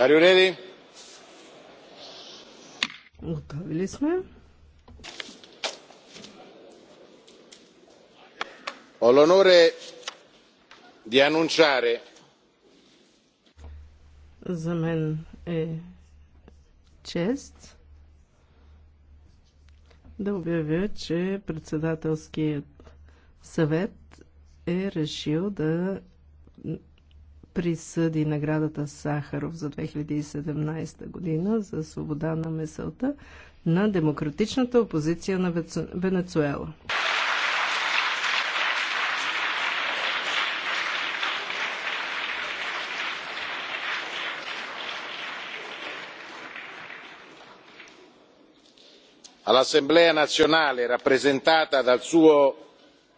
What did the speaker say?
Are you ready? Готови ли сме? Ho l'onore di annunciare. За мен е чест да обявя, че председателският съвет е решил да присъди наградата Сахаров за 2017 година за свобода на меселта на демократичната опозиция на Венецуела. all'assemblea nazionale rappresentata dal suo